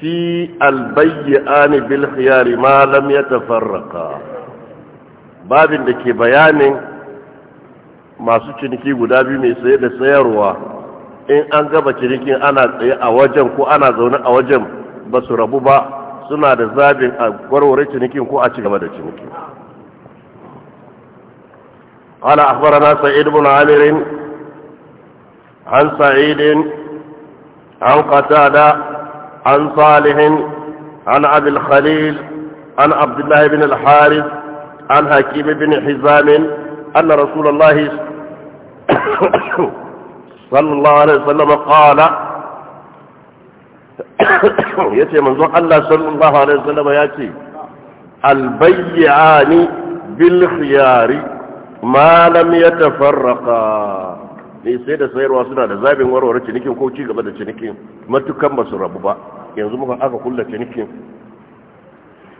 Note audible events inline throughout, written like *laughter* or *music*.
fi albayyani bil khiyari ma lam tafarraka babin da ke bayanin masu ciniki guda biyu mai saye da sayarwa in an gaba cinikin ana tsaye a wajen ko ana zaune a wajen ba su rabu ba suna da zabin a warware cinikin ko a ci gaba da cinikin قال أخبرنا na بن عامر عن سعيد عن قتادة عن صالح عن عبد الخليل عن عبد الله بن الحارث عن حكيم بن حزام أن رسول الله *coughs* صلى الله عليه وسلم قال *coughs* يتي من ذوق الله صلى الله عليه وسلم يأتي البيعان بالخيار ما لم يتفرقا mai sai da sayarwa suna da zabin warware cinikin ko cigaba da cinikin matukan ba su rabu ba yanzu muka aka kulla cinikin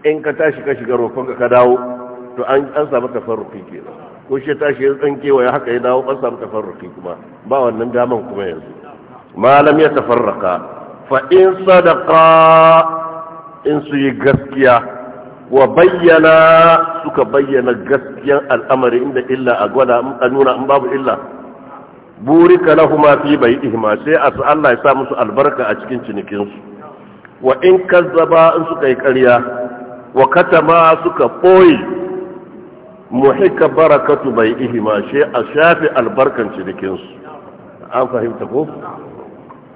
in ka tashi ka shiga roƙon ka dawo to an samu tafarruki nan ko shi tashi ya wa ya haka ya dawo an samu tafarruki kuma ba wannan daman kuma yanzu malam ya tafarraka fa in sadaqa in su yi gaskiya wa bayyana suka bayyana gaskiyan al'amari inda illa a gwada a nuna in babu illa burika ma fi bai'ihima sai a Allah ya sa musu albarka a cikin cinikin su wa in kazzaba in suka yi ƙarya wa katama suka boye muhika barakatu bai'ihima sai a shafi albarkan cinikin su an fahimta ko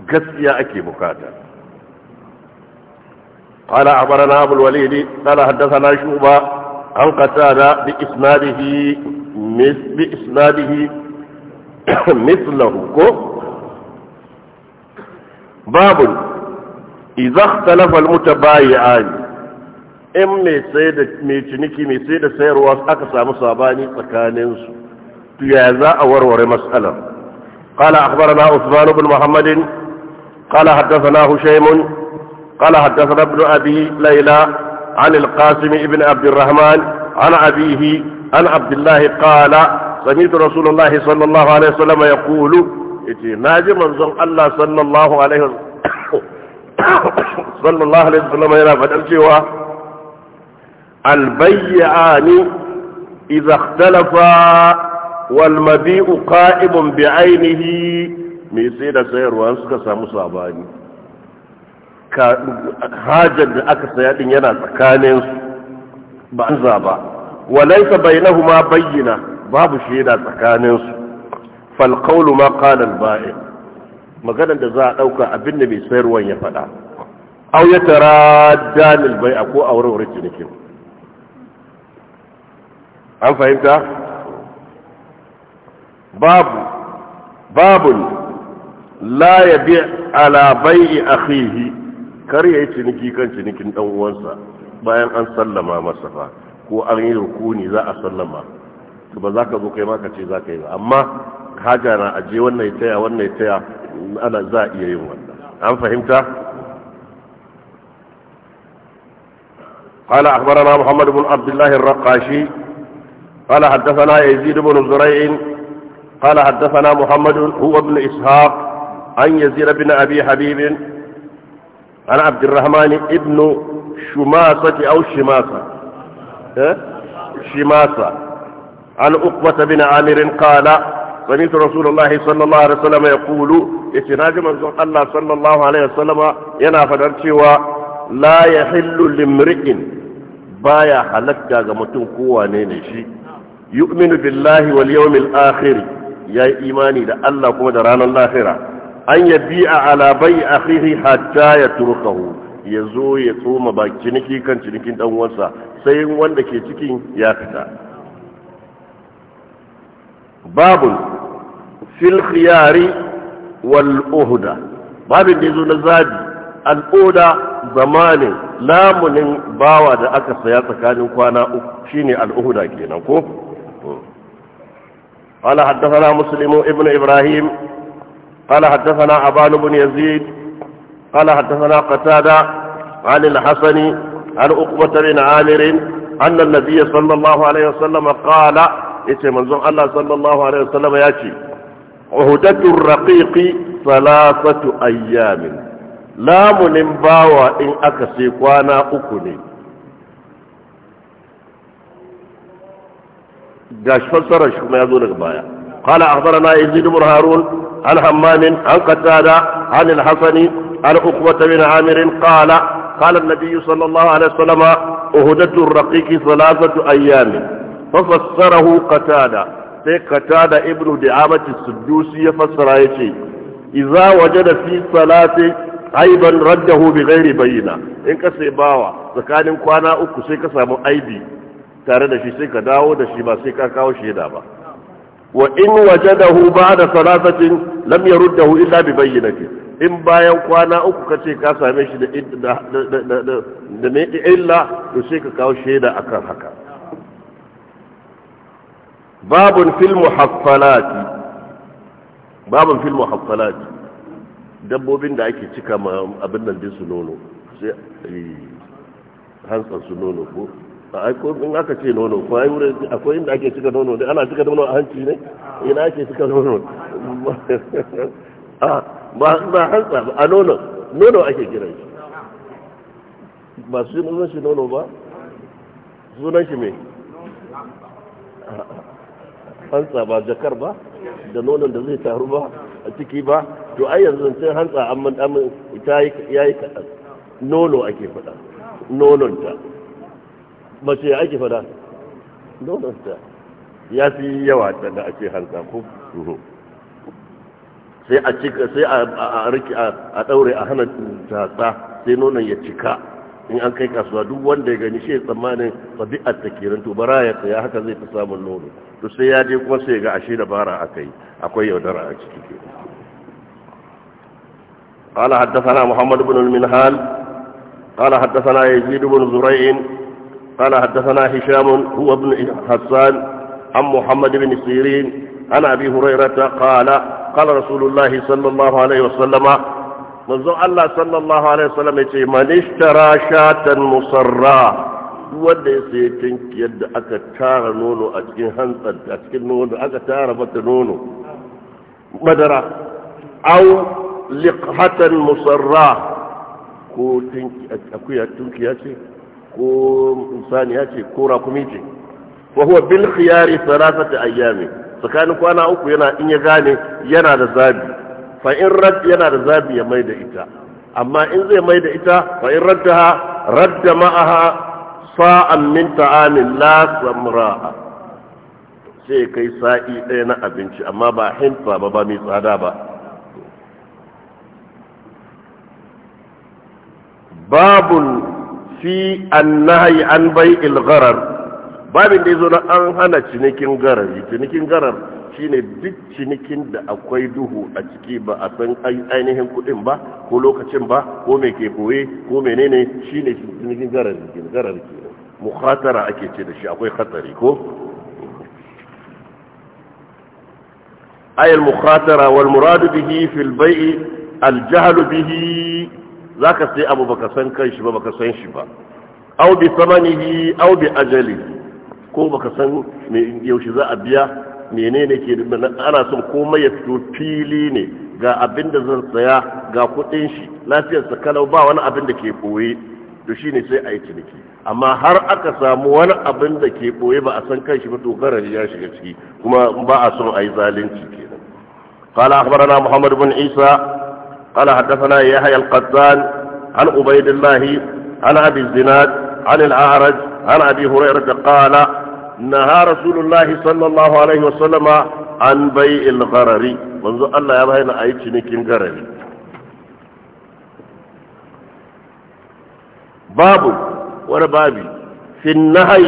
gaskiya ake bukata walidi qala أبو shuba an qatada bi عن mis bi بإسناده *coughs* مثله كفر باب اذا اختلف المتبايعان ام مي سيد مي تشنيكي مي سيد سيرو اكا سامو صاباني تكانينسو تيا ذا اورور مساله قال اخبرنا عثمان بن محمد قال حدثنا هشيم قال حدثنا ابن ابي ليلى عن القاسم ابن عبد الرحمن عن ابيه عن عبد الله قال سمعت رسول الله صلى الله عليه وسلم يقول ناجي من زن الله صلى الله عليه وسلم *coughs* صلى الله عليه وسلم يرى فدر شوى البيعان إذا اختلفا والمبيء قائم بعينه mai سير da sayarwa suka samu sabani hajar da aka saya din yana tsakaninsu babu shaida tsakaninsu falkaulu ma kalan ba'in maganar da za a ɗauka abin da mai sayarwan ya faɗa au ya tara danil bai a ko auren wurin cinikin an fahimta babu babun la ya bi ala bai'i akhihi kar ya yi ciniki kan cinikin ɗan uwansa bayan an sallama masa fa ko an yi rukuni za a sallama to ba za ka zo kai ma ka ce za ka yi ba amma haja na aje wannan ya taya wannan ya taya ana za iya yin wannan an fahimta قال أخبرنا محمد بن عبد الله الرقاشي قال حدثنا يزيد بن زريع قال حدثنا محمد هو ابن إسحاق عن يزيد بن أبي حبيب عن عبد الرحمن ابن شماسة أو شماسة شماسة عن عقبة بن عامر قال سمعت رسول الله صلى الله عليه وسلم يقول اتناج من الله صلى الله عليه وسلم ينا فدرتوا لا يحل لامرئ بايا حلقا غمتون قوة نينشي يؤمن بالله واليوم الآخر يا إيماني دا الله كما دران الآخرة أن يبيع على بيع أخيه حتى يتركه يزو يتوم باك تنكي كان تنكي دون وانسا سيئن وان دكي تكي يا فتاه باب في الخيار والأهدى باب يزول الزاد الأهدى زمان لا من da aka saya كان يقوانا uku الأهدى كينا قال حدثنا مسلم ابن إبراهيم قال حدثنا عبان بن يزيد قال حدثنا قتادة عن الحسن عن أقبة بن عامر أن النبي صلى الله عليه وسلم قال yace manzon Allah sallallahu alaihi wasallam ya ce uhudatu raƙiƙi salasatu ayyamin lamunin bawa in aka sai kwana uku ne gash fassara shi kuma zo daga baya qala akhbarana yazid ibn harun an hammam an qatada al-hasani an uqbah bin amir qala قال sallallahu alaihi الله عليه وسلم أهدة الرقيق fafassarahu qatada sai qatada ibnu di'amati suddusi ya fassara yace idza wajada fi salati aiban raddahu bi ghairi bayina in ka sai bawa tsakanin kwana uku sai ka samu aibi tare da shi sai ka dawo da shi ba sai ka kawo shaida ba wa in wajadahu ba'da salatatin lam yaruddahu illa bi bayyinati in bayan kwana uku kace ka same shi da da da da to sai ka kawo shaida a kan haka باب fil muhaffalati باب fil muhaffalati dabbobin da ake cika ma abin nan din su nono sai eh, hantsan su nono ko a ko in aka ce nono ko ai wurin akwai inda ake cika nono dai ana cika nono a hanci ne ina ake cika nono *laughs* a ba ba hantsa a nono nono ake kiran shi ba su sunan shi nono ba sunan shi me hantsa ba jakar ba da nonon da zai taru ba a ciki ba to ai yanzu sai hantsa amma amin ita ya yi kaɗan nono ake faɗa nononta mace ake faɗa nononta ya fi yawa ta da ake hantsa ko mhm. sai a cika sai a rike a daure a hana tatsa sai nonon ya cika in an kai kasuwa duk wanda ya gani shi ya tsammanin tabi'ar ta kiran to bara ya tsaya haka zai fi samun nono to sai ya je kuma sai ga ashe da bara a kai akwai yaudara a ciki ke قال حدثنا محمد بن المنهال قال حدثنا يزيد بن زريع قال حدثنا هشام هو ابن حسان عن محمد بن سيرين عن أبي هريرة قال قال رسول الله manzon Allah sallallahu alaihi wasallam ya ce ishtara shatan musarra wanda ya sayi tinkiyar da aka tara nono a cikin hantsar a cikin nono aka tara mata nono madara aw liqhatan musarra ko tinki akuya tunkiya ce ko insaniya ce ko rakumi ce wa huwa bil khiyari thalathata ayyami tsakanin kwana uku yana in ya gane yana da zabi fa in rad yana da zabi ya mai da ita amma in zai mai da ita fa in raddaha radda ma'aha sa'an min ta'amin la samra'a sai kai sa'i ɗaya na abinci amma ba hinta ba ba mai tsada ba babun fi annahi an bai ilgharar babin da ya zo na an hana cinikin garari cinikin garar shine duk cinikin da akwai duhu a ciki ba a san ainihin kudin ba ko lokacin ba ko mai ke koye ko menene shine cinikin garari garari kenan mukhatara ake ce da shi akwai khatari ko wal bihi fil أي المخاطرة والمراد به في san kai shi ba baka san shi ba aw bi samanihi aw bi ajalihi ko baka san me yaushe za a biya menene ke ana son komai ya fito fili ne ga abin da zan saya ga kudin shi lafiyar sa kalau ba wani abin da ke boye to shine sai a yi ciniki amma har aka samu wani abin da ke boye ba a san shi ba to garar ya shiga ciki kuma ba a son a zalunci kenan akhbarana muhammad ibn isa qala hadathana yahya al-qattan عن عبيد الله عن أبي الزناد عن الأعرج عن أبي هريرة قال naha rasulullahi sallallahu alaihi wasallama an bai ilgarari manzo Allah ya bayyana a yi cinikin garari babu wani babi في النهي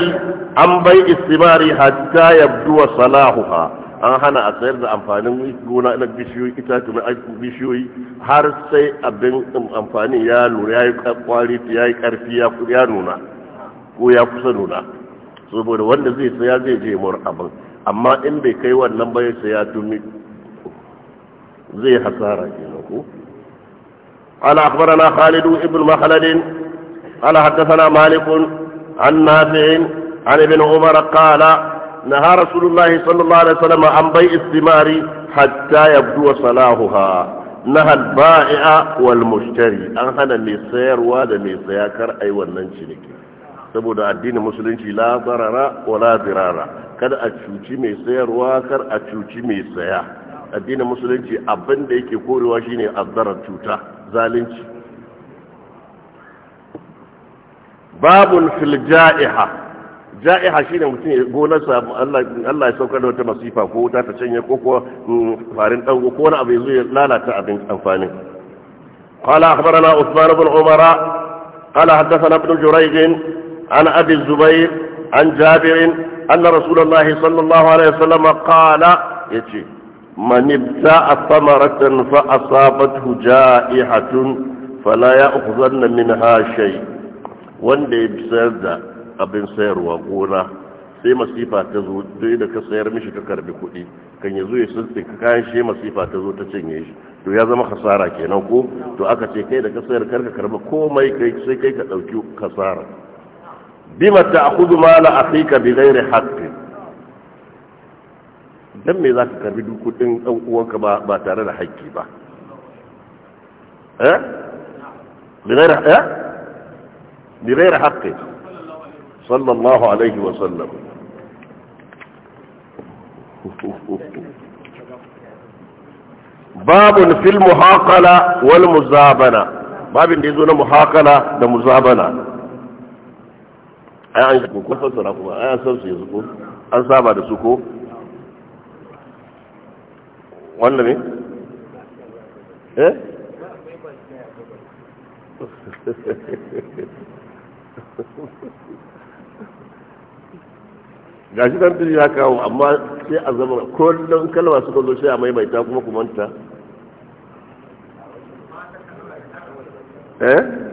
an bai istimari حتى يبدو صلاحها an hana a tsayar da amfanin gona na bishiyoyi itatu na bishiyoyi har sai abin amfani ya lura ya yi kwari ya yi karfi ya nuna ko ya kusa nuna saboda wanda zai tsaya zai je mur abin amma in bai kai wannan ba ya tumi zai hasara kenan ko قال أخبرنا خالد بن مخلد قال حدثنا مالك عن نافع عن ابن عمر قال نهى رسول الله صلى الله عليه وسلم عن بيع الثمار حتى يبدو صلاحها نهى البائع والمشتري أن هذا ميسير وهذا ميسيكر أي وننشلك saboda addinin musulunci la barara wa la dirara kada a cuci mai sayarwa kar a cuci mai saya addinin musulunci abin da yake korewa shine azzarar cuta zalunci babun fil ja'iha ja'iha shine mutum gonarsa Allah Allah ya saukar da wata masifa ko wuta ta canye ko ko mm, farin dango ko wani abu yazo ya lalata abin amfanin qala akhbarana usman ibn umara قال حدثنا ابن جريج عن أبي الزبير عن جابر أن رسول الله صلى الله عليه وسلم قال يتي من ابتاع ثمرة فأصابته جائحة فلا يأخذن منها شيء wanda ya sayar da abin sayarwa gona sai masifa ta zo duk da ka sayar mishi ka karbi kuɗi kan ya zo ya sun ka kayan shi masifa ta zo ta cinye shi to ya zama kasara kenan ko to aka ce kai da ka sayar karka karba komai kai sai kai ka ɗauki kasara بما تأخذ مال أخيك بغير حق dan me zaka karbi dukudin dan uwanka ba ba tare da haƙƙi ba eh bighairi eh bighairi haqqin sallallahu alaihi wa sallam babun fil muhaqala wal muzabana babin da yazo na muhaqala da muzabana ai an ko kun fassara kuma ai an san su yanzu ko an saba da ko ne eh *laughs* gashi dan ya kawo amma sai a zama kullum kalma su zo sai a maimaita kuma kumanta eh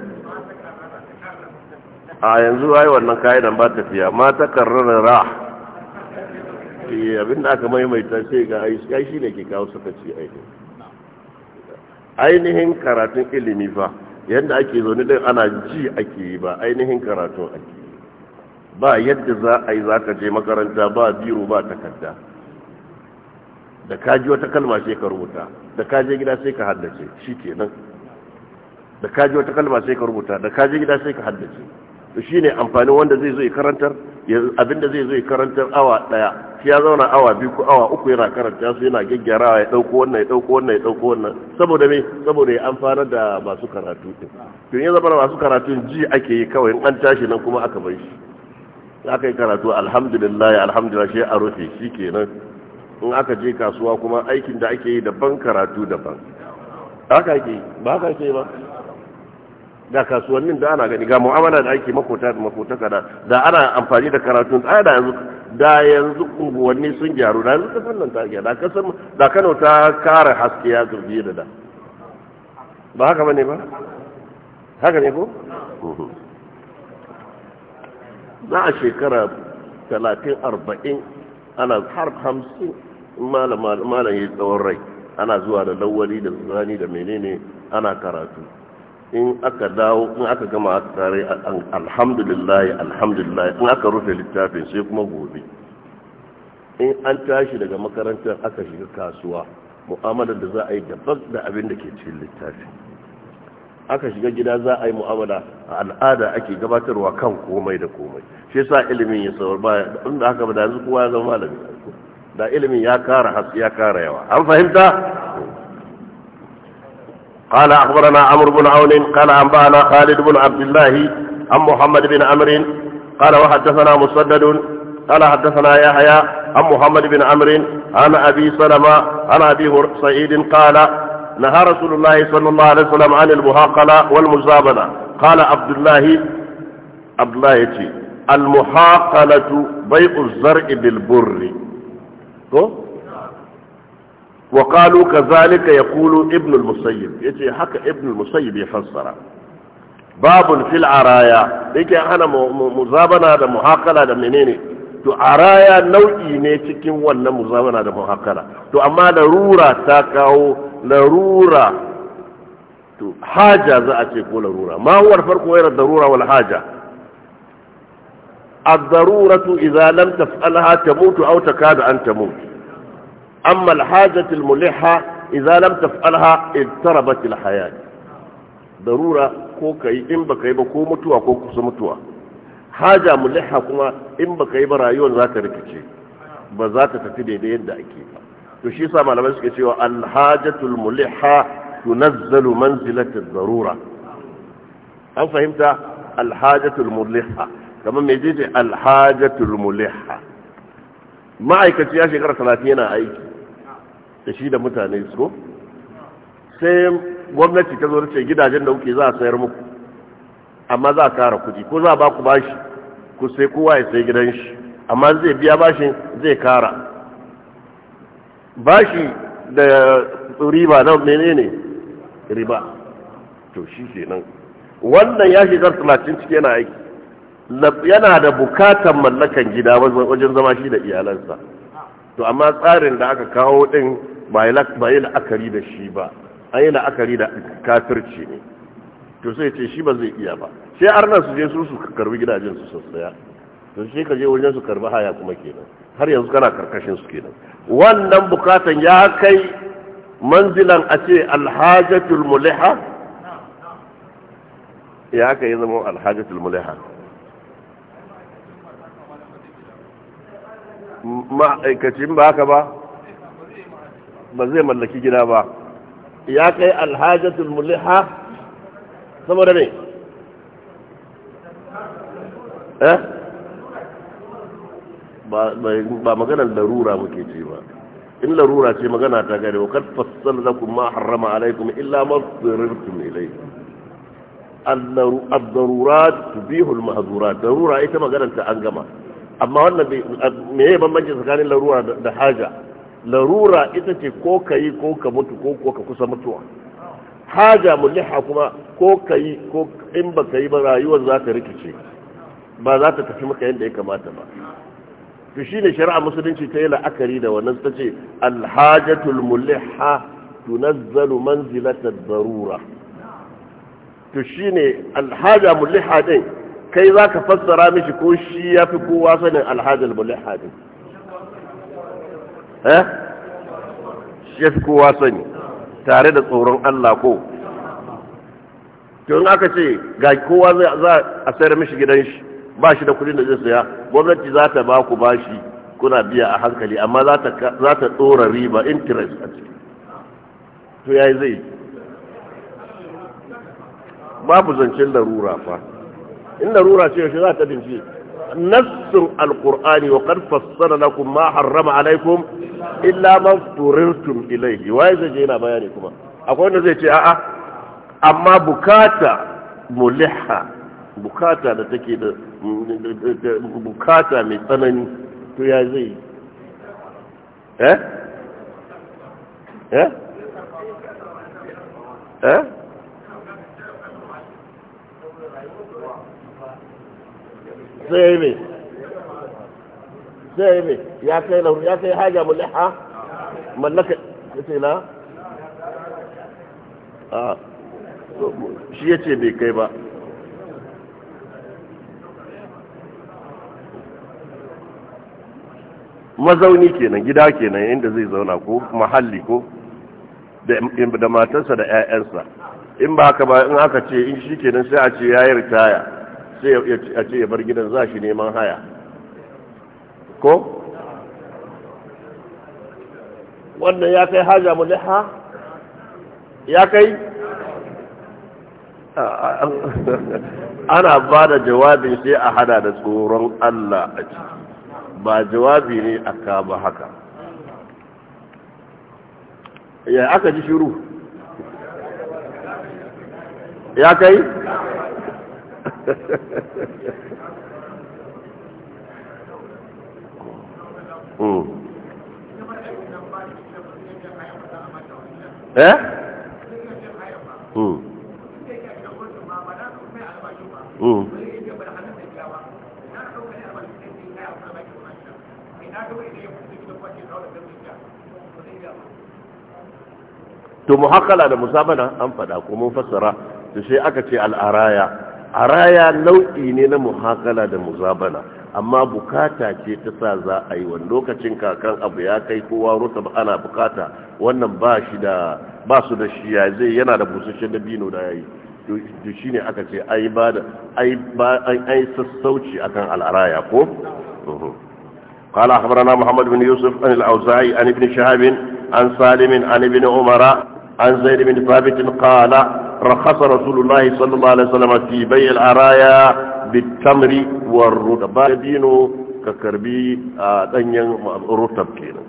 a yanzu ai wannan kayan ba tafiya ma ta karrara ra eh, abin da aka maimaita sai ga ai shi ne ke kawo suka ci ainihin ainihin karatun ilimi fa yadda ake zaune din ana ji ake yi ba ainihin karatun ake yi ba yadda za a yi za ka je makaranta ba biro ba takarda da ka ji wata kalma sai ka rubuta da ka je gida sai ka haddace shi kenan da ka ji wata kalma sai ka rubuta da ka je gida sai ka haddace shi ne amfanin wanda zai zo ya karantar abinda zai zo karantar awa daya shi ya zauna awa biyu ko awa uku yana karanta su yana gyaggyarawa ya dauko wannan ya dauko wannan ya dauko wannan saboda me saboda ya amfana da masu karatu din to ya zama masu karatu ji ake yi kawai an tashi nan kuma aka bar shi aka yi karatu alhamdulillah alhamdulillah shi a rufe shikenan in aka je kasuwa kuma aikin da ake yi daban karatu daban haka ake ba haka ake ba da kasuwannin da ana gani ga mu'amala da ake makota da makotaka kada da ana amfani da karatun da da yanzu da yanzu unguwanni sun gyaru da yanzu ta fannin ta gyara da kasan da Kano ta kare haske ya zurbi da da ba haka bane ba haka ne ko za a shekara 30 40 ana har 50 malam malam yayi tsawon rai ana zuwa da lawali da zani da menene ana karatu in aka dawo in aka gama aka tare alhamdulillah alhamdulillah in aka rufe littafin sai kuma gobe in an tashi daga makarantar aka shiga kasuwa mu'amalar da za a yi daban da abin da ke cikin littafi aka shiga gida za a yi mu'amala a al'ada ake gabatarwa kan komai da komai shi yasa ilimin ya saurar baya inda aka ba da yanzu kowa ya zama malami da ilimin ya kara haske ya kara yawa an fahimta قال أخبرنا عمرو بن عون قال أنبأنا خالد بن عبد الله عن محمد بن عمرو قال وحدثنا مسدد قال حدثنا يحيى عن محمد بن عمرو عن أبي سلمة عن أبي سعيد قال نهى رسول الله صلى الله عليه وسلم عن المهاقلة والمزابنة قال عبد الله عبد الله المحاقلة بيع الزرع بالبر وقالوا كذلك يقول ابن المسيب يتي حكى ابن المسيب يفسر باب في العرايا ديك انا مزابنا ده محاكله ده منين to araya nau'i ne cikin wannan muzabana da muhakkara to amma larura ta kawo larura to haja za a ce ko larura ma huwa farko wayar darura wal haja ad-daruratu idza lam taf'alha tamutu aw an tamutu أما الحاجة الملحة إذا لم تفعلها اضطربت الحياة ضرورة كوكاي إن بكاي بكو متوى كو كس متوى حاجة ملحة كما إن بكاي برايون ذات ركتشي بذات تتبع دين دائكي تشي سامع لما سكتشي الحاجة الملحة تنزل منزلة الضرورة أو فهمت الحاجة الملحة كما ميجيتي الحاجة الملحة ma'aikaci ya shekara talatin yana aiki da shi da mutane su sai gwamnati ta zo ce gidajen da kuke za a sayar muku amma za a kara kuɗi ko za a ba ku bashi ku sai kowa ya sai gidan shi amma zai biya bashin zai kara bashi da riba na menene riba to shi nan wannan ya shigar talatin ciki yana aiki yana da bukatan mallakan gida wajen zama shi da iyalansa to amma tsarin da aka kawo din ba yi la'akari da shi ba an yi la'akari da kafirci ne to sai ce shi ba zai iya ba sai arna su je su su karbi gidajen su sassaya to sai ka je wajen su karbi haya kuma kenan har yanzu kana karkashin su kenan wannan bukatan ya kai manzilan a ce alhajatul muliha ya kai zama alhajatul muliha ma'aikacin ba haka ba ba zai mallaki gida ba ya kai alhajatul muliha saboda ne eh ba maganar larura muke ce ba in larura ce magana ta gare wa kad da kuma harama alaikum illa ma dhirirtum ilayhi darurat tubihu mahzurat darura ita maganar ta an gama amma wannan me ya bambanci tsakanin larura da haja larura ita ce ko ka yi ko ka mutu ko ka kusa mutuwa haja muliha kuma ko ka yi ko in ba ka yi ba rayuwar za ta rikice ba za ta tafi maka yadda ya kamata ba to shi ne shari'a musulunci ta yi la'akari da wannan ta ce alhajatul muliha tunazzalu manzilatar darura to shi ne alhaja muliha din kai za ka fassara mishi ko shi ya fi kowa sanin alhajjal bulin eh shi ya fi kowa sani tare da tsoron Allah ko tun aka ce ga kowa za a sayar mishi gidan shi ba shi da kudin da zai saya gwamnati za ta ba ku ba shi kuna biya a hankali amma za ta tsora riba interest a ciki to yi zai babu zancen larura fa in larura ce yaushe za ta bincike nasin alkur'ani wa qad fassara kuma ma harrama alaikum illa man turirtum ilayhi wai zai je yana bayani kuma akwai wanda zai ce a'a amma bukata muliha bukata da take da bukata mai tsanani to ya zai eh eh eh sai ya yi mai sai ya ya kai lahu ya kai haja mulha mallaka yace na a shi yace bai kai ba mazauni kenan gida kenan inda zai zauna ko mahalli ko da matarsa da 'ya'yansa in ba haka ba in aka ce in shi kenan sai a ce yayar taya sai a ce ya bar gidan za shi neman haya ko wannan ya kai haja liha ya kai ana ba da jawabi sai a hada da tsoron Allah a ciki ba jawabi ne a kaba haka ya aka ji shiru ya kai *laughs* Eh? Hmm. Hmm. to muhakkala da musamman an faɗa ko mun fassara to sai aka ce al'araya raya nau'i ne na muhakala da muzabana amma bukata ce ta sa za a yi wani lokacin kakan abu ya kai kowa rusa ba ana bukata wannan ba shi da ba su da shi ya zai yana da busasshen da bino da da shi ne aka ce ai ba da ai ba ai sassauci akan al'araya ko قال أخبرنا محمد بن يوسف عن الأوزاعي عن ابن شهاب عن سالم عن ابن عمر عن زيد بن ثابت قال رخص رسول الله صلى الله عليه وسلم في بيع العرايا بالتمر والرطب دينه ككربي دنيا رطب كده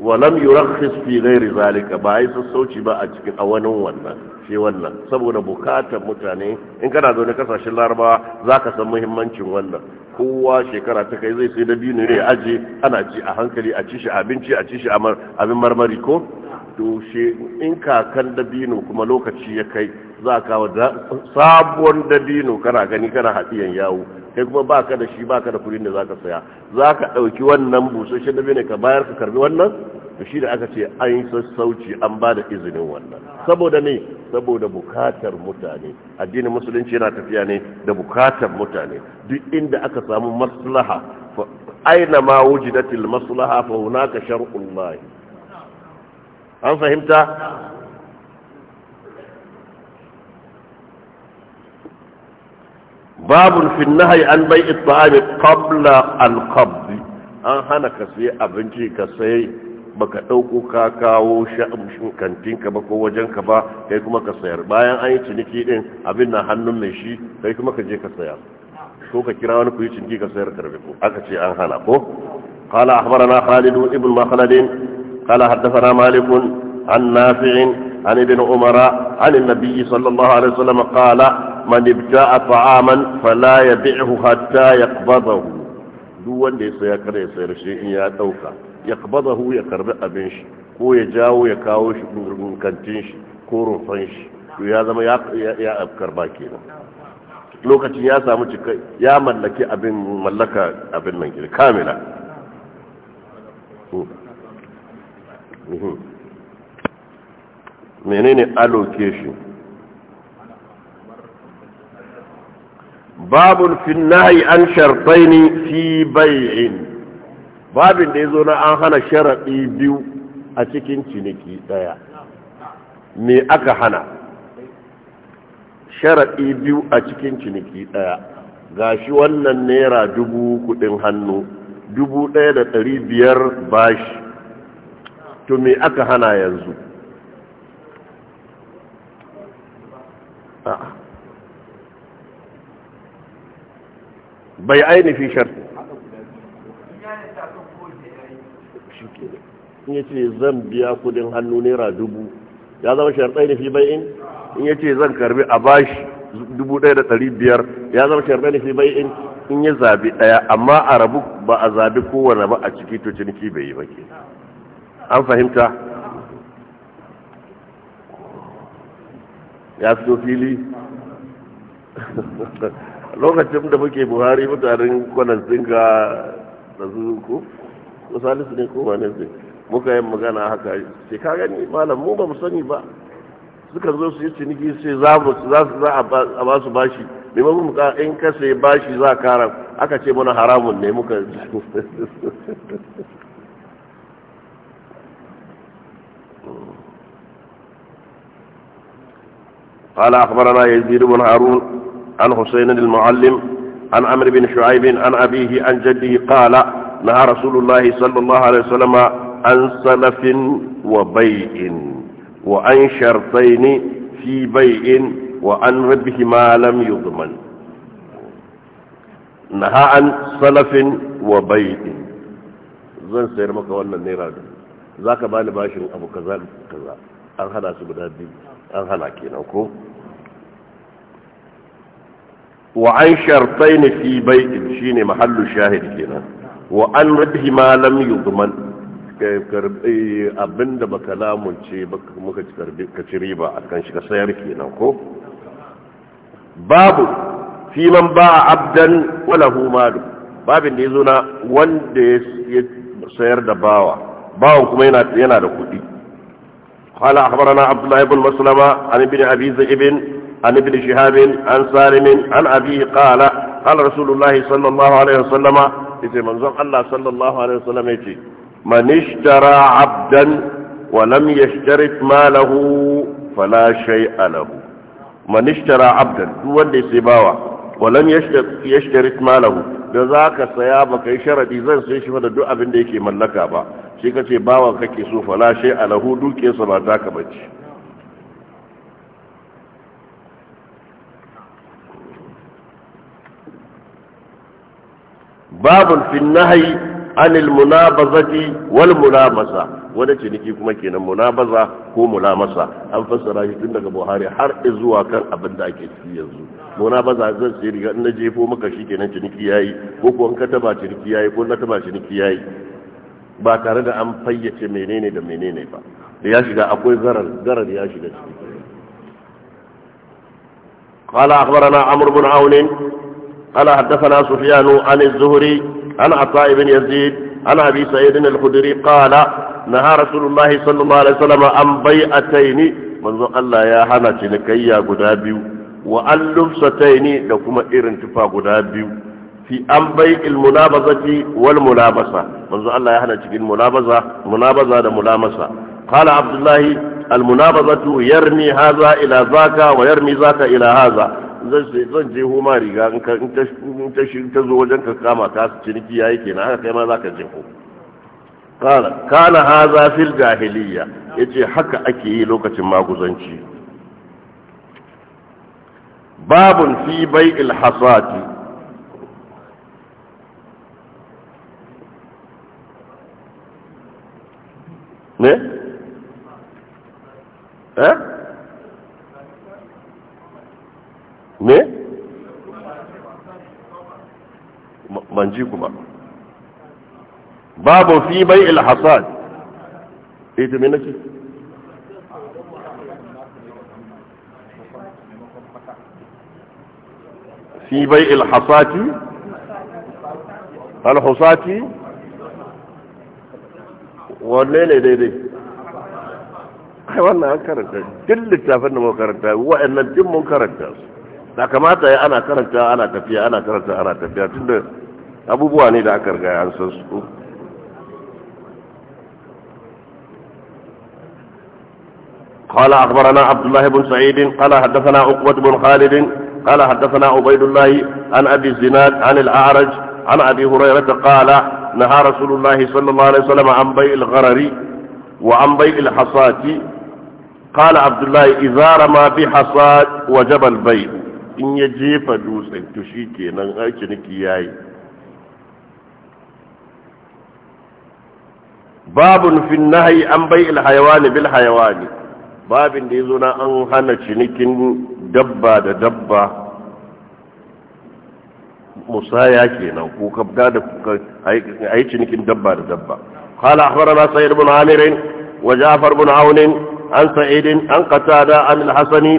ولم يرخص في غير ذلك بايس السوشي با أتكين أولا ولا shi wannan saboda bukatar mutane in kana zaune kasashen laraba za ka san muhimmancin wannan kowa shekara ta kai zai sai da biyu ne aje ana ci a hankali a ci shi abinci a ci shi abin marmari ko doshe in kakan dabino kuma lokaci ya kai za a kawo sabuwar dabino kana gani kana haɗiyan yawo kai kuma ba ka da shi ba ka da kudin da za ka saya za ka ɗauki wannan busasshen dabino ka bayar ka karbi wannan da shi da aka ce an sassauci an ba da izinin wannan saboda ne saboda bukatar mutane addinin musulunci yana tafiya ne da bukatar mutane duk inda aka samu maslaha aina ma wujidatil maslaha fa hunaka shar'ullahi an fahimta babun fi nahyi an bai it'ami qabla al-qabd an hana ka sai abinci ka sai baka dauko ka kawo sha'amshin ka ba ko wajen ka ba kai kuma ka sayar bayan an yi ciniki din abin na hannun mai shi kai kuma ka je ka saya ko ka kira wani kuyi ciniki ka sayar karbe ko aka ce an hana ko قال أخبرنا خالد ابن مخلد قال حدثنا مالك عن نافع عن ابن عمر عن النبي صلى الله عليه وسلم قال من ابتاع طعاما فلا يبيعه حتى يقبضه دو wanda ya saya kada ya sayar shi in ya dauka ya qabadahu ya karbi abin ko ya jawo ya kawo shi kantin shi ko rufan shi to ya zama ya ya karba lokacin ya samu ya mallaka abin Mhm. menene allocation babun finnahi an shartaini fi bai'in babin da ya zo na an hana sharaɗi biyu a cikin ciniki ɗaya me aka hana sharaɗi biyu a cikin ciniki ɗaya gashi wannan naira dubu kuɗin hannu dubu ɗaya da ɗari biyar bashi to me aka hana yanzu bai ainihin sharfi in ya ce zan biya kudin hannu naira dubu ya zama sharɗai nufi bai'in in ya ce zan karbi a bashi dubu ɗaya da dari biyar ya zama na fi bai'in in ya zabi ɗaya amma a rabu ba a zabi kowane ba a ciki to ciniki bai yi ba ke an fahimta ya fito fili *laughs* lokacin da muke buhari mutanen kwanan zinga da zuku misali su ne ko wane zai muka yin magana haka ce ka gani malam mu ba mu sani ba suka zo su yi ciniki sai za su za a ba su bashi maimakon mu ka in kasa bashi za a kara aka ce mana haramun ne muka *laughs* قال أخبرنا يزيد بن هارون عن حسين المعلم عن عمرو بن شعيب عن أبيه عن جده قال نهى رسول الله صلى الله عليه وسلم عن سلف وبيع وعن شرطين في بيع وعن ربه ما لم يضمن نهى عن سلف وبيع زن sayar maka wannan ذاك بالباشر أبو كذا كذا abu kaza kaza an hana kenan ko wa an shartai ne fi bai'in shi ne mahallu shahid kenan wa an rabbi ma lam yudman karbi abinda baka lamunce baka muka ci karbi ka ci riba shi ka sayar kenan ko babu fi man ba abdan wala hu malu babin da ya zo na wanda ya sayar da bawa bawan kuma yana da kuɗi قال أخبرنا عبد الله بن مسلمة عن ابن أبي ذئب عن ابن شهاب عن سالم عن أبيه قال قال رسول الله صلى الله عليه وسلم إذا منظر الله صلى الله عليه وسلم يتي من اشترى عبدا ولم يشترط ماله فلا شيء له من اشترى عبدا هو اللي سباوه ولم يشترط ماله da za ka saya ba kai sharaɗi zan sai shi da duk abin da yake mallaka ba shi ka ce bawa kake so falashe alahu sa ba za ka bace babun fin nahayi anil munabazati wal mulamasa wanda ciniki kuma kenan munabaza ko mulamasa an fassara shi tun daga buhari har zuwa kan abin da ake ciki yanzu mona ba za a zai riga na jefo maka shi kenan ciniki ya yi ko kuwa ka taba ciniki ya yi ko na taba ciniki ya yi ba tare da an fayyace menene da menene ba da ya shiga akwai zarar zarar ya shiga ciki qala akhbarana amr bin aun qala hadathana sufyan an az-zuhri an ata ibn yazid an abi sa'id al-khudri qala nahar rasulullah sallallahu alaihi wasallam an bai'atayn manzo Allah ya hana cinikayya guda biyu wa allum ne da kuma irin tufa guda biyu fi an bai ilmunabazati wal mulabasa manzo Allah ya hana cikin munabaza munabaza da mulamasa qala abdullahi almunabazatu yarmi haza ila zaka wa yarmi zaka ila haza zan je homa riga in ta ta zo wajen ka kama ka ciniki yayi kenan haka kai ma zaka je ho qala kana haza fil jahiliya yace haka ake yi lokacin maguzanci babun fi bai'il hasadi ne eh ne ban ji kuma babun fi bai'il hasadi eh, fi bai'il hasati al-husati wanne ne ai wannan an karanta duk littafin da muka karanta wa'annan duk mun karanta da kamata ya ana karanta ana tafiya ana karanta ana tafiya tunda abubuwa ne da aka riga an san su قال أخبرنا عبد الله بن سعيد قال حدثنا عقبة بن خالد قال حدثنا عبيد الله عن أبي الزناد عن الأعرج عن أبي هريرة قال نهى رسول الله صلى الله عليه وسلم عن بيع الغرر وعن بيع الحصاة قال عبد الله إذا رمى بحصاة وجب البيع إن يجيب دوس تشيكي نغايتنك ياي باب في النهي عن بيع الحيوان بالحيوان babin da ya zo na an hana cinikin dabba da dabba musaya kenan ko kabda da a yi cinikin dabba da dabba kala akhbarana sayyid ibn amir wa ja'far ibn aun an sa'id an qatada an al-hasani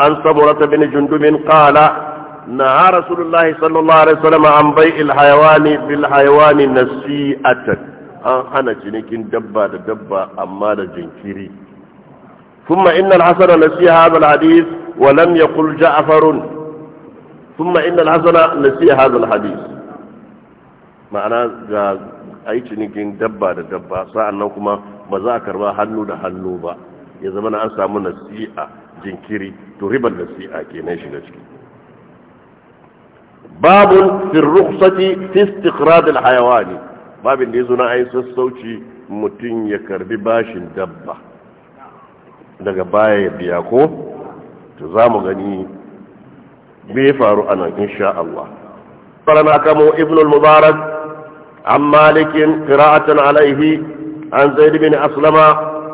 an samurata bin نهى رسول الله صلى الله عليه وسلم عن بيع الحيوان بالحيوان نسيئة an hana cinikin dabba da dabba amma da jinkiri ثم إن الحسن نسي هذا الحديث ولم يقل جعفر ثم إن الحسن نسي هذا الحديث معنى a yi cinikin dabba da dabba sa'an nan kuma ba za a karba hannu da hannu ba ya zama na an samu nasi'a jinkiri to ribar nasi'a ke na shiga ciki babun firruksati fistikiradil hayawani babin da ya zo na ayi sassauci mutum ya karbi bashin dabba daga baya ya biya ko to za mu gani bai faru a nan insha Allah farana kamo ibn al-mubarak an malikin qira'atan alaihi an zaid bin aslama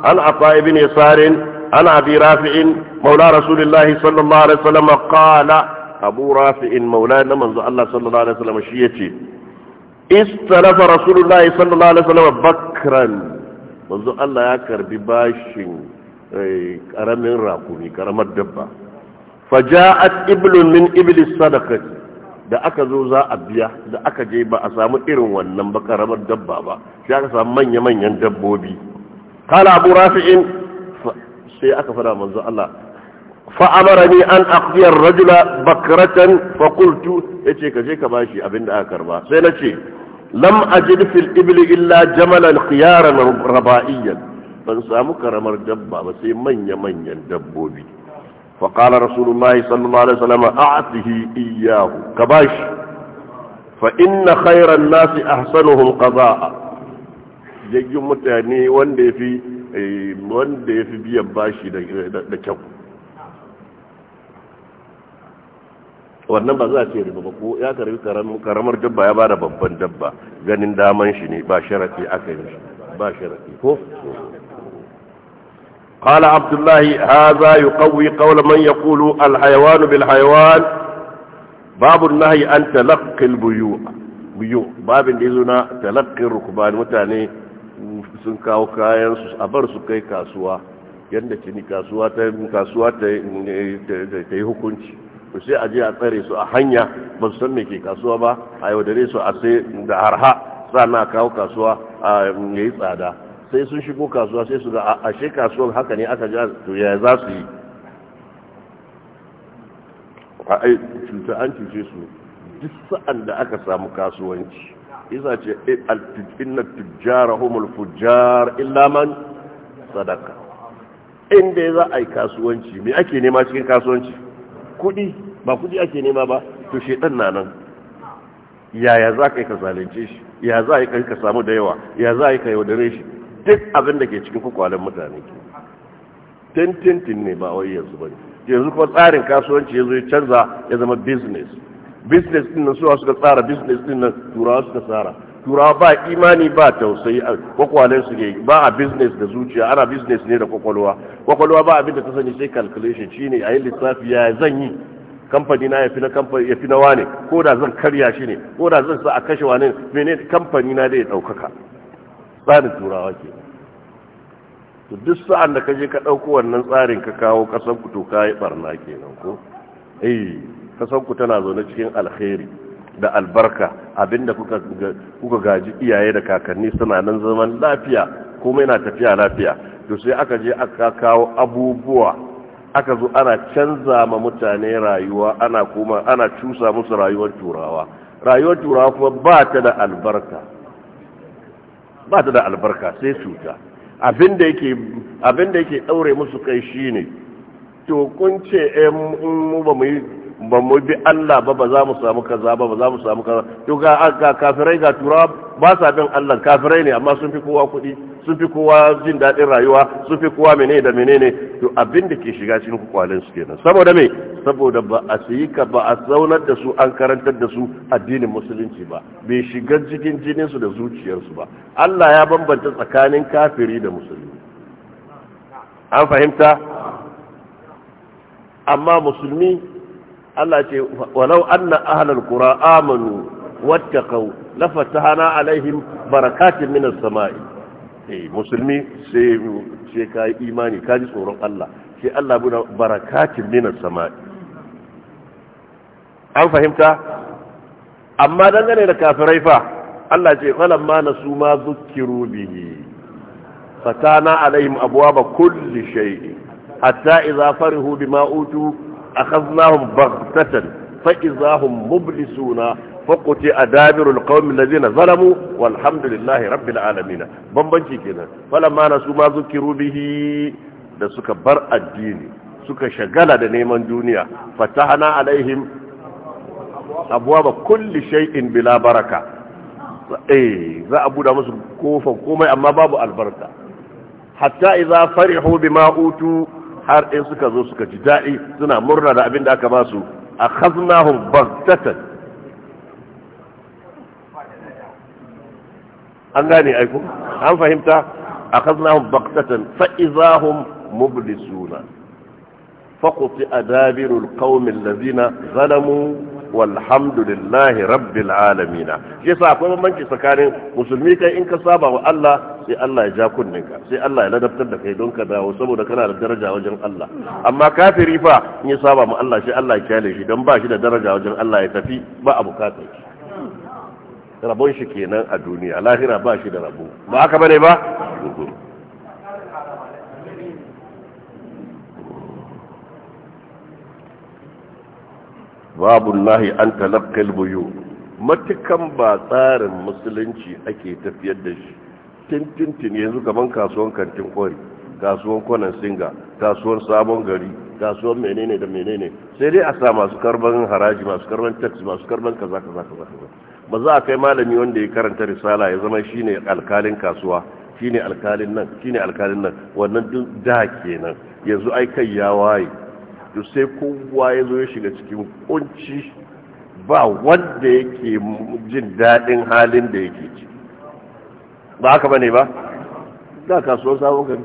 an afa ibn yasarin an abi rafi'in maula rasulullahi sallallahu alaihi wasallam qala abu rafi'in maula na manzo Allah sallallahu alaihi wasallam shi yace istalafa rasulullahi sallallahu alaihi wasallam bakran manzo Allah ya karbi bashin karamin rakumi karamar dabba faja'at iblun min iblis sadaqati da aka zo za a biya da aka je ba a samu irin wannan ba karamar dabba ba sai aka samu manya-manyan dabbobi kala abu rafi'in sai aka fada manzo Allah fa amara ni an aqdiya ar-rajula bakratan fa qultu yace ka je ka bashi abinda aka karba sai nace lam ajid fil ibli illa jamalan khiyaran rabaiyan ban samu karamar dabba ba sai manya-manyan dabbobi faƙala rasulullahi sallallahu alaihi wasallam a'tihi iyyahu ka bashi fa inna khairan nasi ahsanuhum qada'a yayin mutane wanda yafi eh, wanda yafi biyan bashi da kyau wannan ba za a ce riba ba ko ya karbi karamar dabba ya bada babban dabba ganin daman shi ne ba sharafi aka yi ba sharafi ko قال عبد الله هذا يقوي قول من يقول الحيوان بالحيوان باب النهي عن تلقي البيوع بيوع باب الإذن تلقي الركبان متاني sun kawo kayan su a bar su kai kasuwa yadda cini kasuwa ta yi kasuwa ta yi hukunci to sai a je a tsare su a hanya ba su san me ke kasuwa ba a yaudare su a sai da harha sa na kawo kasuwa a yi tsada sai sun shigo kasuwa sai su ga a ashe kasuwar haka ne aka ja to ya za su yi a ai cuta an cuce su duk sa'an da aka samu kasuwanci isa ce eh, inna tujjara humul fujjar illa man sadaka inda za a yi kasuwanci me ake nema cikin kasuwanci kudi ba kudi ake nema ba to shedan na nan yaya za ka yi ka zalunce shi ya za a yi ka samu da yawa ya za a yi ka yaudare shi duk abin da ke cikin kwakwalen mutane ke tintintin ne ba wai yanzu ba yanzu kuma tsarin kasuwanci ya zo ya canza ya zama business business din nan suwa suka tsara business din nan turawa suka tsara turawa ba imani ba tausayi a kwakwalen su ne ba a business da zuciya ana business ne da kwakwalwa kwakwalwa ba abin da ta sani sai calculation ne a yi lissafi ya zan yi kamfani na ya fi ko da zan karya shi ne ko da zan sa a kashe wane menene kamfani na da ya ɗaukaka tsarin turawa ke to duk sa'an da kaje ka ɗauko wannan tsarin ka kawo kasan ku to kayi barna kenan ko eh kasan ku tana zaune cikin alkhairi da albarka abinda kuka kuka gaji iyaye da kakanni suna nan zaman lafiya komai na tafiya lafiya to sai aka je aka kawo abubuwa aka zo ana canza ma mutane rayuwa ana kuma ana cusa musu rayuwar turawa rayuwar turawa kuma ba ta da albarka ba ta da albarka sai cuta abinda yake ɗaure daure musu kai shi ne to kun ce eh, mu ba mu yi ba mu bi Allah ba ba za mu samu kaza ba ba za mu samu kaza to ga ga kafirai ga turawa ba sa bin Allah kafirai ne amma sun fi kowa kuɗi sun fi kowa jin daɗin rayuwa sun fi kowa mene da menene to abin da ke shiga cikin kwalin su kenan saboda me saboda ba a sayi ka ba a zaunar da su an karantar da su addinin musulunci ba bai shiga cikin jinin su da zuciyarsu ba Allah ya bambanta tsakanin kafiri da musulmi an fahimta amma musulmi Allah ce walau anna ahlal qura amanu wattaqu lafatahana alaihim barakatin minas sama'i eh musulmi sai sai ka yi imani ka ji tsoron Allah sai Allah buna barakatin minas sama'i an fahimta amma dangane da kafirai fa Allah ce falamma nasu ma zukkiru bihi fatana alaihim abwaaba kulli shay'in hatta idza farihu bima utu أخذناهم بغتة فإذا هم مبلسون فقطع دابر القوم الذين ظلموا والحمد لله رب العالمين بمبنشي كده فلما نسوا ما ذكروا به da suka bar addini suka shagala da neman duniya fatahana alaihim abuwa ba kulli shay'in bila baraka e za a buda musu kofar komai amma babu albarka hatta idza farihu har in suka zo suka ji daɗi suna murna da abin da aka basu a khaznahum baghtatan an gane aiko an fahimta a khaznahum baghtatan fa izahum mublisuna فقطع a القوم الذين ظلموا والحمد لله رب العالمين yasa akwai bambanci tsakanin musulmi kai in ka saba wa Allah sai Allah ya ja kunninka sai Allah ya ladabtar da kai don ka dawo saboda kana da daraja wajen Allah amma kafiri fa in ya saba mu Allah shi Allah ya kyale shi don ba shi da daraja wajen Allah ya tafi ba a bukatar shi rabon shi kenan a duniya lahira ba shi da rabo ba haka bane ba babu lahi an talakkal buyu matukan ba tsarin musulunci ake tafiyar da shi tintintin yanzu kaman kasuwan kantin kwari kasuwan kwanan singa kasuwan sabon gari kasuwan menene da menene sai dai a sa masu karban haraji masu karban tax masu karban kaza kaza kaza ba za a kai malami wanda ya karanta risala ya zama shine alkalin kasuwa shine alkalin nan shine alkalin nan wannan duk da kenan yanzu ai kai ya waye to sai kowa ya zo ya shiga cikin kunci ba wanda yake jin dadin halin da yake ci ba haka bane ba da kasuwar sabon gari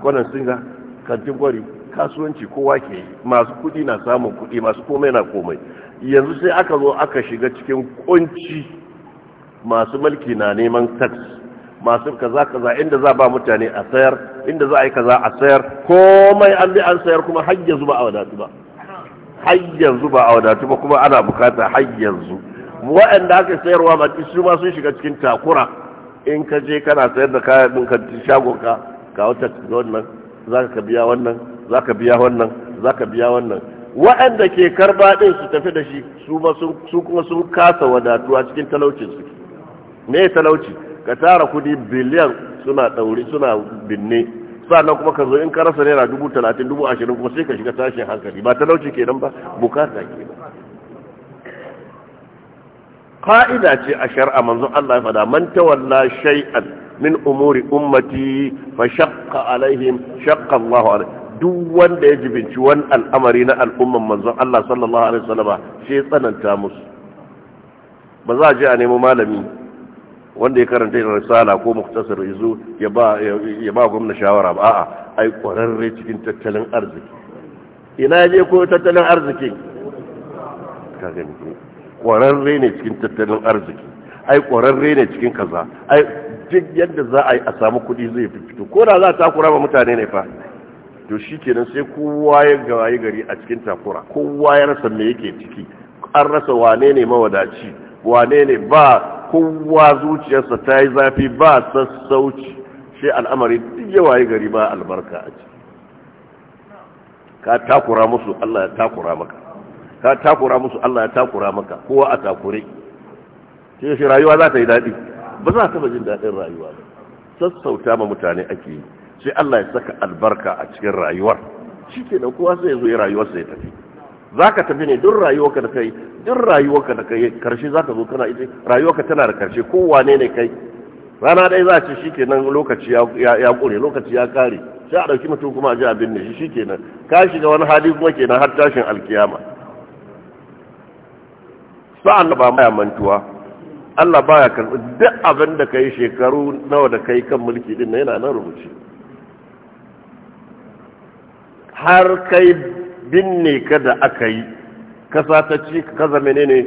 ko singa kantin gwari kasuwanci kowa ke yi masu kudi na samun kudi masu komai na komai yanzu sai aka zo aka shiga cikin kunci masu mulki na neman tax masu kaza kaza inda za ba mutane a sayar inda za a yi kaza a sayar komai an bi an sayar kuma har yanzu ba a wadatu ba har yanzu ba a wadatu ba kuma ana bukata har yanzu waɗanda aka sayarwa ba su ma sun shiga cikin takura in ka je kana sayar da kayan ka shagon ka ka wata wannan za ka biya wannan za ka biya wannan za ka biya wannan waɗanda ke karba ɗin su tafi da shi su kuma sun kasa wadatuwa cikin talaucin su me talauci ka tara kudi biliyan suna ɗauri suna binne sannan kuma ka zo in ka rasa naira dubu talatin dubu ashirin kuma sai ka shiga tashin hankali ba talauci kenan ba bukata kenan قائدة أشرع منذ الله فدا walla تولى min من أمور fa shakka عليهم شق الله عليه duk wanda ya jibinci wani al'amari na al'umman manzon Allah sallallahu alaihi wasallama shi ya tsananta musu ba za a je a nemo malami wanda ya karanta yin risala ko muktasar izu ya ba ya ba gwamna shawara ba a'a ai kwararre cikin tattalin arziki ina ya je ko tattalin arziki ka gani ƙwararre ne cikin tattalin arziki ai ƙwararre ne cikin kaza ai duk yadda za a yi a samu kuɗi zai fito ko da za a takura ma mutane ne fa to shi kenan sai kowa ya gawaye gari a cikin takura kowa ya rasa me yake ciki an rasa wane ne mawadaci wane ne ba kowa zuciyarsa ta yi zafi ba sassauci sai al'amari duk ya gari ba albarka a ciki ka takura musu Allah ya takura maka ka takura musu Allah ya takura maka kowa a takure shi shi rayuwa za ta yi daɗi ba za ta ba jin daɗin rayuwa ba sassauta ma mutane ake yi sai Allah ya saka albarka a cikin rayuwar shi ke nan kowa sai ya zo ya rayuwar sai ya tafi za ka tafi ne duk rayuwarka da kai duk rayuwarka da kai karshe za ka zo kana ita rayuwarka tana da karshe kowane ne kai rana ɗaya za a ce shi ke nan lokaci ya ƙure lokaci ya ƙare sai a ɗauki mutum kuma a ji abin ne shi ke nan ka shiga wani hali kuma ke nan har tashin alkiyama sa'an ba maya mantuwa Allah baya karɓi duk abin da yi shekaru nawa da ka yi kan mulki din yana nan rubuce har kai binne ka da aka yi kasa ta ci ka zama ne